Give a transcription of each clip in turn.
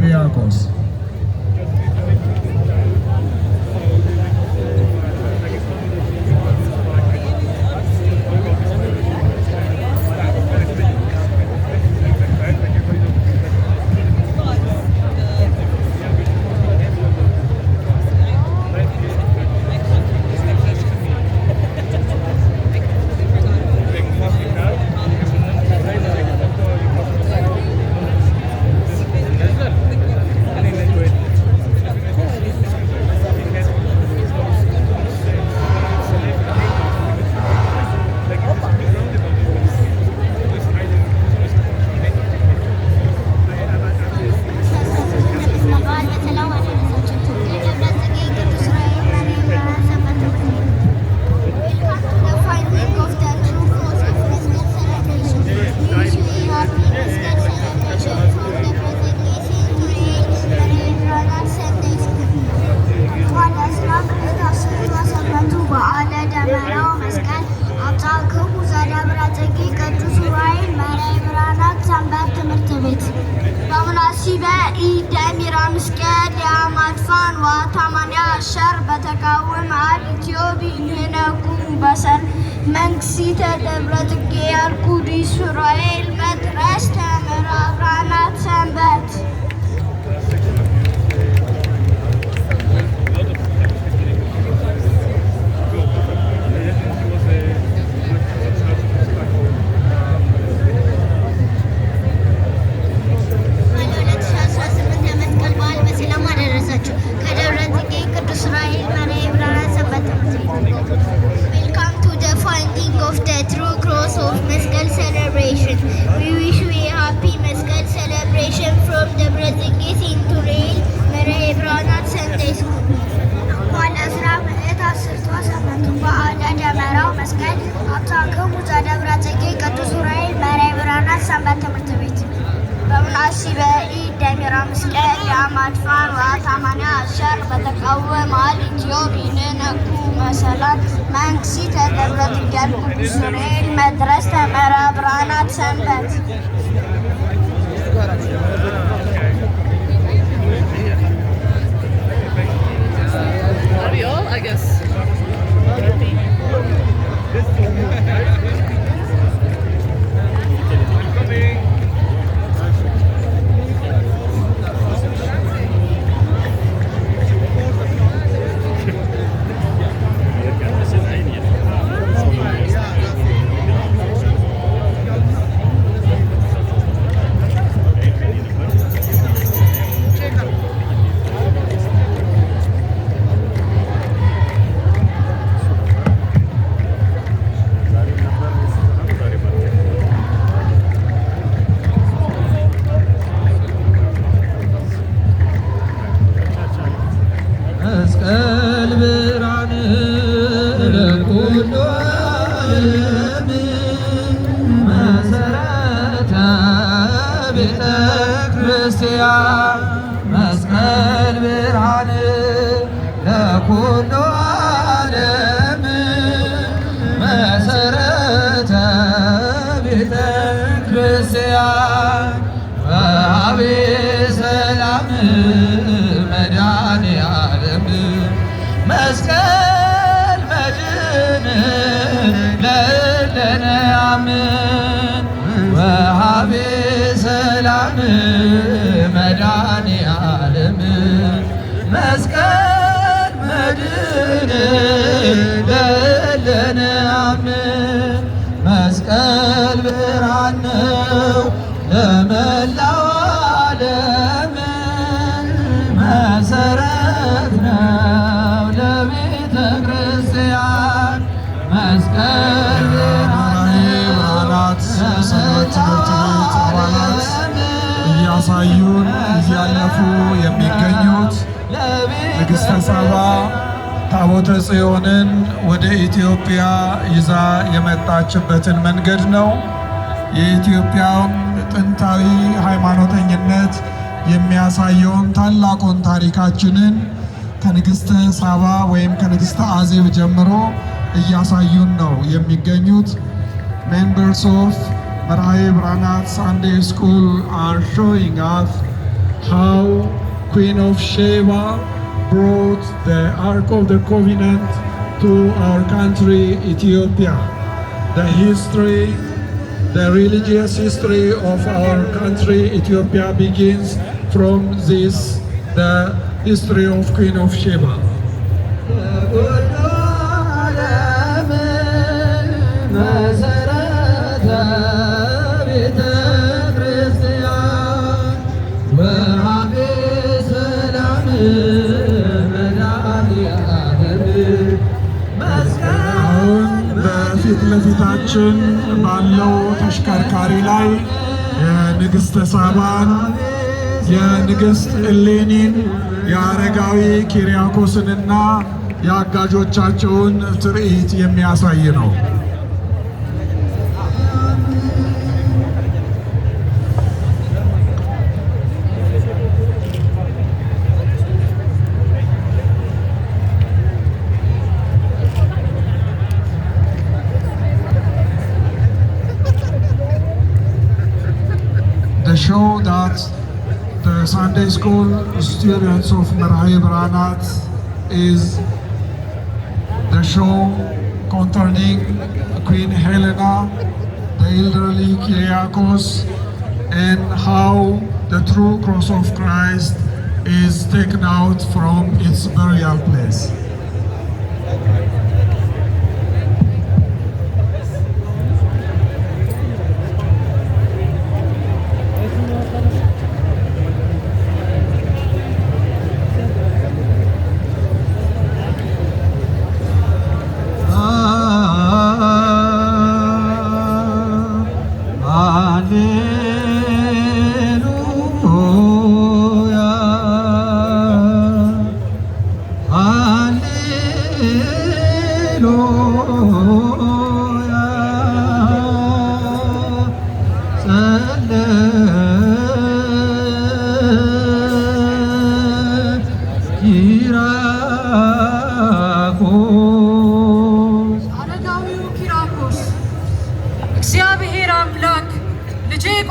Kyriakos. ደብረ ጽጌ ያልኩዲ ሱራኤል በጥረስ ተምራ ብርሃናት ሰንበት ከደብረ ጽጌ ቅዱስ ሱራኤል መሪ ብርሃናት ሰንበት ትምህርት ቤት አብታንከ ሙዛ ጽጌ ቅዱስ ዑራኤል ብርሃናት ሰንበት ትምህርት ቤት በምናሲ በኢ ደሚራ ምስቀል የአማድፋን ወአታማኒያ አሸር በተቃወ መዓል ኢትዮ ቢንነኩ መሰላት ተደብረ ቅዱስ ዑራኤል መድረስ ተመራ ብርሃናት ሰንበት I guess. I'm coming. ወሃቤ ሰላም መድኃኔ ዓለም መስቀል መድን አበባ ታቦተ ጽዮንን ወደ ኢትዮጵያ ይዛ የመጣችበትን መንገድ ነው። የኢትዮጵያን ጥንታዊ ሃይማኖተኝነት የሚያሳየውን ታላቁን ታሪካችንን ከንግሥተ ሳባ ወይም ከንግሥተ አዜብ ጀምሮ እያሳዩን ነው የሚገኙት። ሜምበርስ ኦፍ መርሃዊ ብራናት ሳንዴ ስኩል አር ሾዊንግ አስ ሃው ኩዊን ኦፍ ሼባ brought the Ark of the Covenant to our country, Ethiopia. The history, the religious history of our country, Ethiopia, begins from this, the history of Queen of Sheba. ፊት ለፊታችን ባለው ተሽከርካሪ ላይ የንግሥተ ሳባን የንግሥት እሌኒን የአረጋዊ ኪሪያኮስንና የአጋዦቻቸውን ትርኢት የሚያሳይ ነው። show that the Sunday school students of Marhai Baranat is the show concerning Queen Helena, the elderly Kyriakos, and how the true cross of Christ is taken out from its burial place.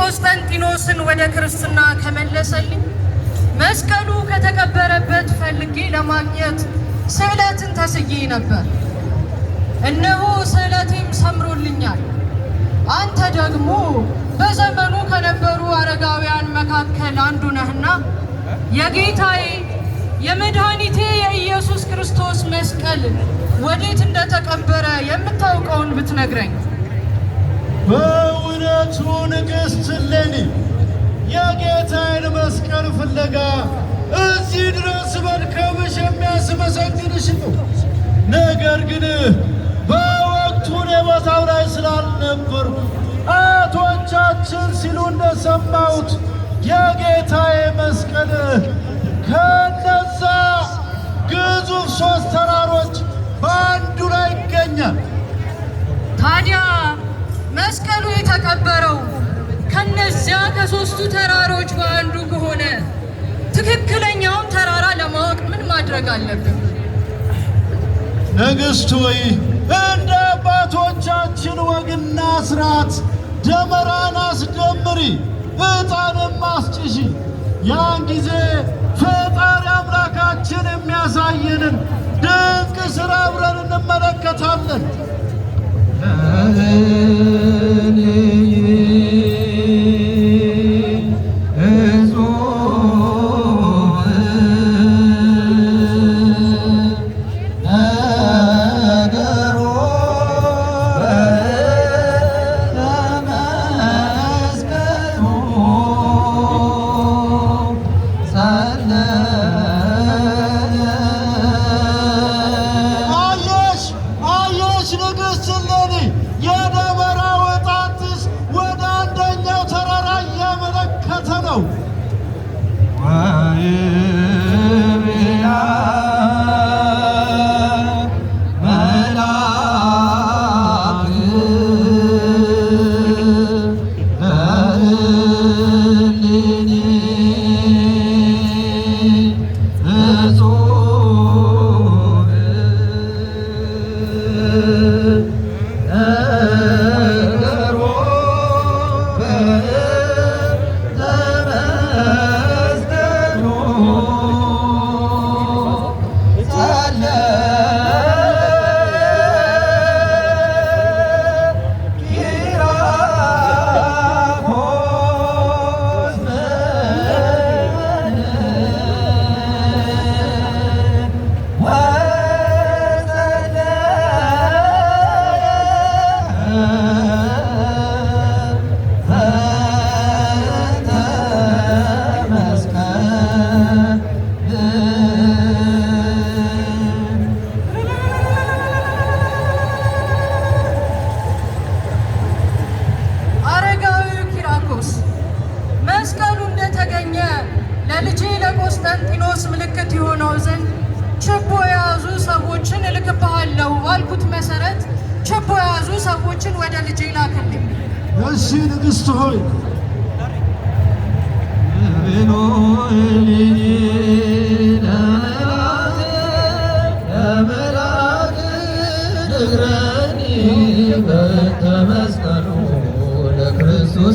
ቆስጠንጢኖስን ወደ ክርስትና ከመለሰልኝ መስቀሉ ከተቀበረበት ፈልጌ ለማግኘት ስዕለትን ተስዬ ነበር። እነሆ ስዕለቴም ሰምሮልኛል። አንተ ደግሞ በዘመኑ ከነበሩ አረጋውያን መካከል አንዱ ነህና የጌታዬ የመድኃኒቴ የኢየሱስ ክርስቶስ መስቀል ወዴት እንደተቀበረ የምታውቀውን ብትነግረኝ የእለቱ ንግሥት እሌኒ የጌታዬን መስቀል ፍለጋ እዚህ ድረስ መድከምሽ የሚያስመሰግንሽ ነው። ነገር ግን በወቅቱ ቦታው ላይ ስላልነበር አያቶቻችን ሲሉ እንደሰማሁት የጌታዬ መስቀል ከነዛ ግዙፍ ሶስት ተራሮች በአንዱ ላይ ይገኛል ታዲያ መስቀሉ የተቀበረው ከነዚያ ከሶስቱ ተራሮች በአንዱ ከሆነ ትክክለኛውን ተራራ ለማወቅ ምን ማድረግ አለብን? ንግሥት ሆይ እንደ አባቶቻችን ወግና ስርዓት ደመራን አስደምሪ፣ ዕጣንም አስጭሺ። ያን ጊዜ ፈጣሪ አምላካችን የሚያሳየንን ድንቅ ስራ አብረን እንመለከታለን። है የተገኘ ለልጄ ለቆስጠንጢኖስ ምልክት የሆነው ዘንድ ችቦ የያዙ ሰዎችን እልክብሃለሁ ባልኩት መሰረት ችቦ የያዙ ሰዎችን ወደ ልጄ ላክልኝ። እሺ ንግሥት ሆይ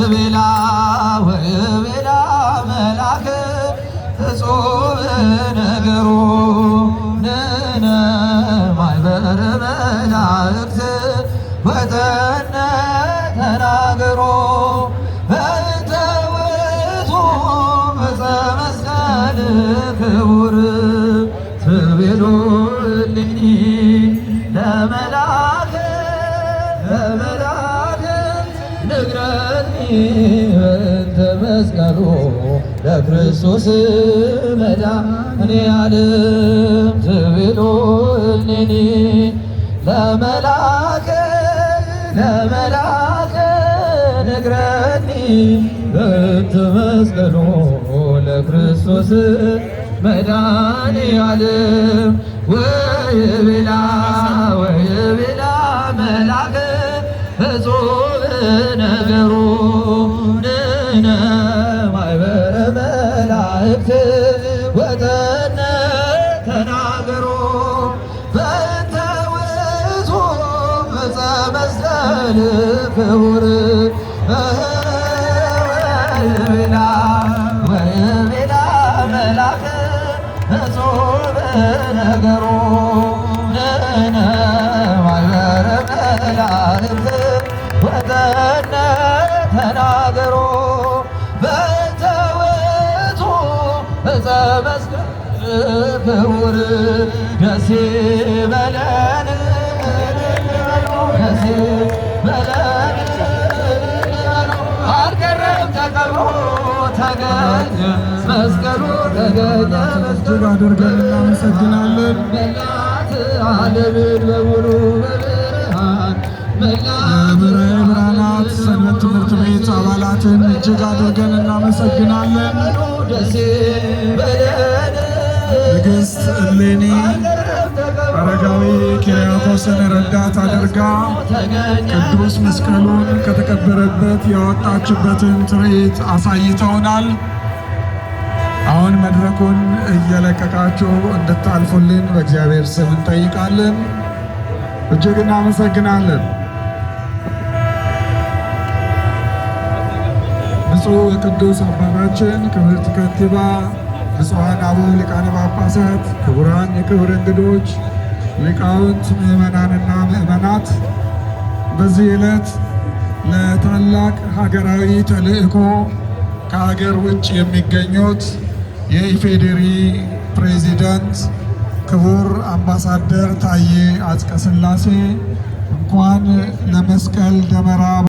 ወቤላ ወቤላ መላክ እጹብ ነገሩ ንነ ማይበር መላእክት ወተ በእንተ መስቀሉ ለክርስቶስ መዳኔ ዓለም ትብሎ እኔኒ ለመላከ ለመላከ ንግረኒ በእንተ መስቀሉ ለክርስቶስ መዳኔ ዓለም ወይ ብላ ወይ ብላ መላከ በጾም ነገሩ ነ ማይበረ መላእክት ተናገሮ ውእቱ መስቀል ክቡር በመስቀል ፍውር ደሴ በለን መስቀሉ ተገኘ መስቀሉ አድርገን እናመሰግናለን። መላት ዓለምን በሙሉ በብርሃን መላ ብርሃን አባላት፣ ሰንበት ትምህርት ቤት አባላትን እጅግ አድርገን እናመሰግናለን። ንግሥት እሌኒ አረጋዊ ኪሪያኮስን ረዳት አድርጋ ቅዱስ መስቀሉን ከተቀበረበት ያወጣችበትን ትርኢት አሳይተውናል። አሁን መድረኩን እየለቀቃችሁ እንድታልፉልን በእግዚአብሔር ስም እንጠይቃለን። እጅግ እናመሰግናለን። ብፁዕ ቅዱስ አባታችን፣ ክብርት ከንቲባ፣ ብፁዓን አበው ሊቃነ ጳጳሳት፣ ክቡራን የክብር እንግዶች፣ ሊቃውንት፣ ምዕመናንና ምዕመናት በዚህ ዕለት ለታላቅ ሀገራዊ ተልዕኮ ከሀገር ውጭ የሚገኙት የኢፌዴሪ ፕሬዚደንት ክቡር አምባሳደር ታዬ አጽቀሥላሴ እንኳን ለመስቀል ደመራ